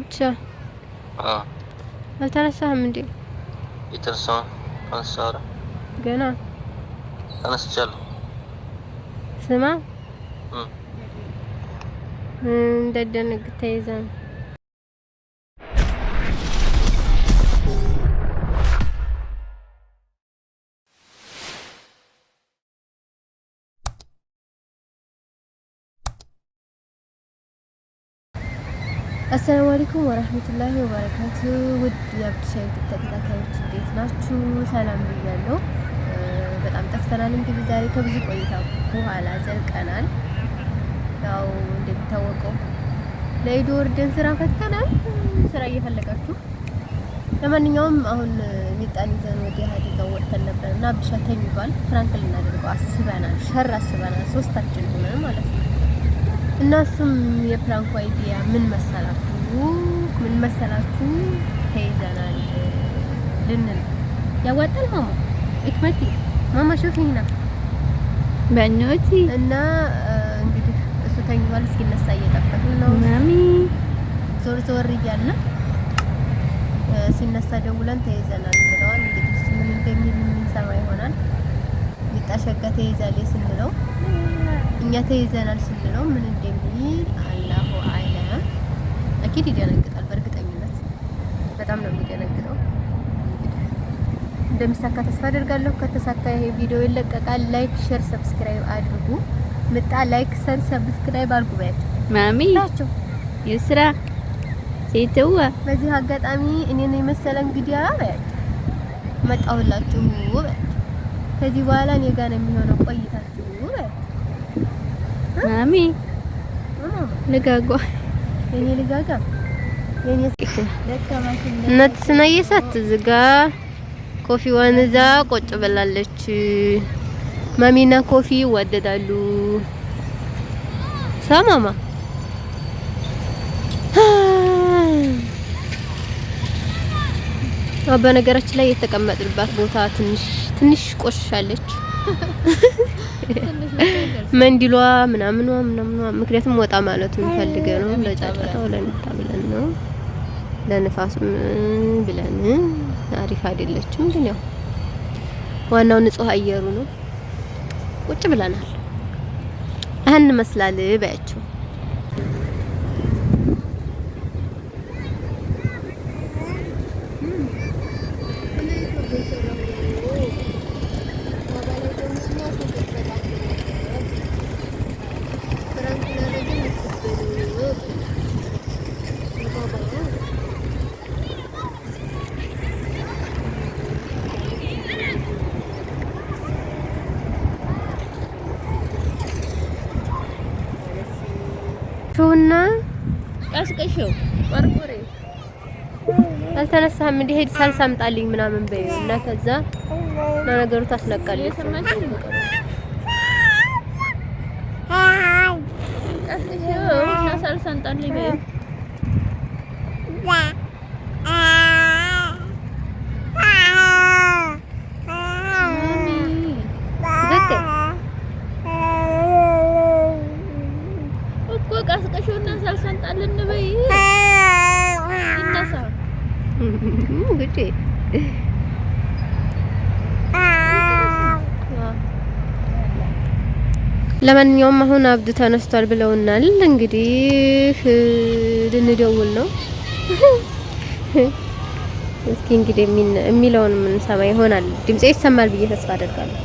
ብቻ አልተነሳህም እንዴ? የተነሳውን ገና ተነስቻለሁ። ስማ እንዳደነግጥ ነው አሰላሙ አለይኩም ወራህመቱላሂ ወበረካቱ። ውድ የአብዱሻይ ተከታታዮች እንዴት ናችሁ? ሰላም ብያለሁ። በጣም ጠፍተናል። እንግዲህ ዛሬ ከብዙ ቆይታ በኋላ ዘልቀናል። ያው እንደሚታወቀው ለኢድ ወርደን ስራ ፈተናል። ስራ እየፈለጋችሁ ለማንኛውም አሁን ሚጣን ይዘን ወደ ሀዲጋ ወጥተን ነበር እና አብዱሻ ተኝቷል። ፍራንክ ልናደርገው አስበናል። ሸር አስበናል። ሶስታችን ሆነን ማለት ነው እና እሱም የፕራንኩ አይዲያ ምን መሰላችሁ ምን መሰላችሁ ተይዘናል ልንል ያዋጣል ማማ እክመቲ ማማ ሾፊ ሂና በእናትሽ እና እንግዲህ እሱ ተኝቷል። እስኪነሳ እየጠበቅን ነው። ማሚ ዞር ዞር እያለ ሲነሳ ደውለን ተይዘናል እንለዋል። እንግዲህ እሱ ምን እንደሚል ሸጋ ተይዛል ስንለው እኛ ተይዘናል ስንለው ምን እንደሚል አላሁ አለም። አኪድ ይደነግጣል፣ በእርግጠኝነት በጣም ነው የሚደነግጠው። እንደሚሳካ ተስፋ አደርጋለሁ። ከተሳካ ይሄ ቪዲዮ ይለቀቃል። ላይክ፣ ሼር፣ ሰብስክራይብ አድርጉ። ምጣ ላይክ፣ ሼር፣ ሰብስክራይብ አድርጉ። ባያችሁ ማሚ ናቸው ይስራ ሴትዋ በዚህ አጋጣሚ እኔን የመሰለ እንግዲያ ባያችሁ መጣሁላችሁ። ከዚህ በኋላ እኔ ጋር ነው የሚሆነው ቆይታችሁ ማሚ ልጋጓ የኔ ልጋጋ የኔ ኮፊዋን እዛ ቆጭ ብላለች። ማሚና ኮፊ ይዋደዳሉ። ሳማማ በነገራችን ላይ የተቀመጥንባት ቦታ ትንሽ ትንሽ ቆሽሻለች። መንዲሏ ምናምኗ ምናምኗ ምክንያቱም ወጣ ማለት እንፈልገ ነው። ለጫጫታው ለንታ ብለን ነው ለንፋሱም ብለን አሪፍ አይደለችም። ግን ያው ዋናው ንጹህ አየሩ ነው። ቁጭ ብለናል። ይህን መስላል በያቸው ቀስቅሽው ቆርቆሬ አልተነሳህም እንዲሄድ ሳልሳምጣልኝ ምናምን በይ እና ከዛ ነው ነገሩ ታስለቃለች። ቀስቅሽው እና ሳልሳምጣልኝ በይ ቀስቀሽውና ሳልሰንጣል እንበይ ይነሳ ጉጪ ለማንኛውም አሁን አብዱ ተነስቷል ብለውናል። እንግዲህ ልንደውል ነው። እስኪ እንግዲህ የሚለውን ምን ሰማ ይሆናል። ድምጽ ይሰማል ብዬ ተስፋ አደርጋለሁ።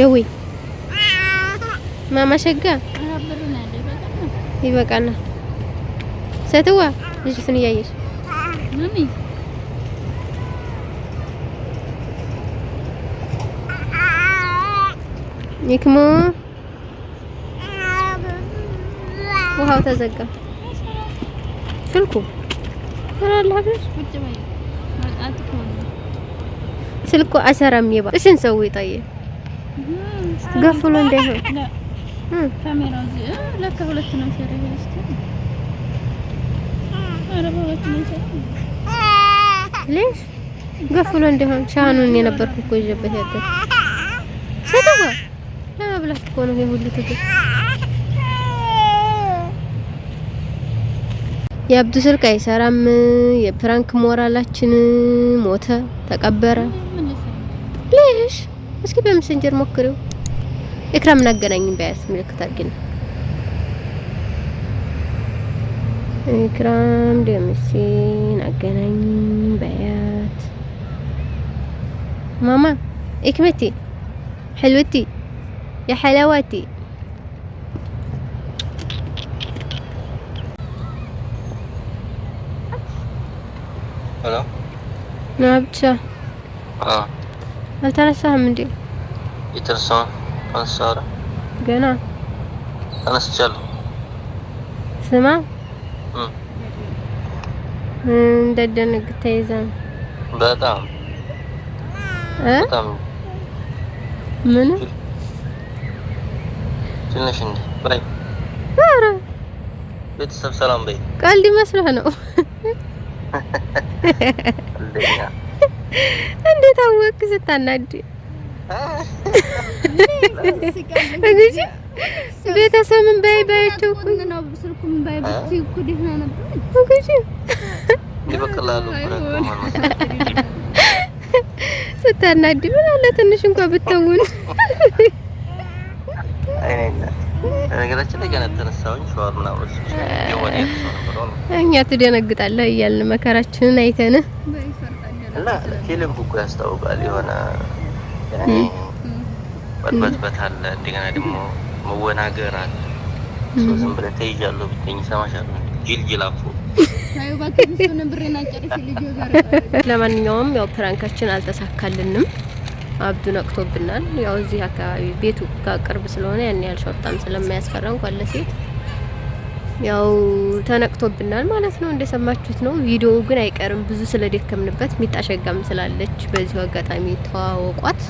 ደዌ ማማ ሸጋ ይበቃናል። ሴትዋ ልጅቱን እያየች ይክሞ ውሃው ተዘጋ። ስልኩ ስልኩ አሰራም ይባ እሽን ሰው ይጣየ ገፍሎ እንዳይሆን ካሜራው ለካ ሁለት ነው። ገፍሎ እንደሆን ሻኑን የነበርኩ እኮ ይዤበት ያለው ሰደባ ለመብላት እኮ ነው የሁሉ ትግል። የአብዱ ስልክ አይሰራም። የፕራንክ ሞራላችን ሞተ፣ ተቀበረ። ልሽ እስኪ በመሰንጀር ሞክሪው። ኤክራምን አገናኝም በያስ ምልክት አድርጊ ነው። ኤክራም ደምሴን አገናኝም በያት ማማ ኤክመቴ ሕልውቲ የሐላዋቲ ሄሎ ና ብቻ አልተነሳህም እንዴ? የተነሳሁ ተነሳለ ገና ተነስቻለሁ። ስማ እንደደነግ ተይዛ በጣም በጣም ምን ትንሽ እንደ ኧረ ቤተሰብ ሰላም በይ። ቀልድ ይመስልህ ነው እንዴት አወቅህ ስታናድ እንግዲህ ቤተሰብም በይ በያቸው ስታናድ ምን አለ ትንሽ ነገራችን እኛ ትደነግጣለህ እያልን መከራችንን አይተን እና ፊልም ያስታውቃል የሆነ መጥበጥበት አለ፣ እንደገና ደግሞ መወናገር አለ። ዝም ብለህ ተይዣለሁ ብትይኝ እሰማሻለሁ። ጅል ጅል አፎ ለማንኛውም ያው ፕራንካችን አልተሳካልንም። አብዱ ነቅቶብናል። ያው እዚህ አካባቢ ቤቱ ጋር ቅርብ ስለሆነ ያን ያህል ሾርጣም ስለማያስፈራ እንኳን ለሴት ያው ተነቅቶብናል ማለት ነው። እንደሰማችሁት ነው። ቪዲዮው ግን አይቀርም ብዙ ስለደከምንበት። ሚጣሸጋም ሸጋም ስላለች በዚሁ አጋጣሚ ተዋወቋት።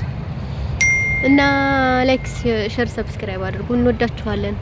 እና ላይክ፣ ሼር፣ ሰብስክራይብ አድርጉ። እንወዳችኋለን።